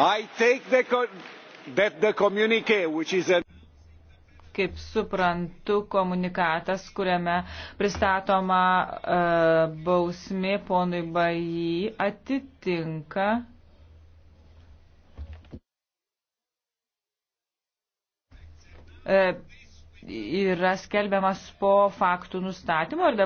I take the, that the communique, which is a kaip suprantu, komunikatas, kuriame pristatoma e, bausmė ponui Bajį atitinka. E, yra skelbiamas po faktų nustatymo ir dabar.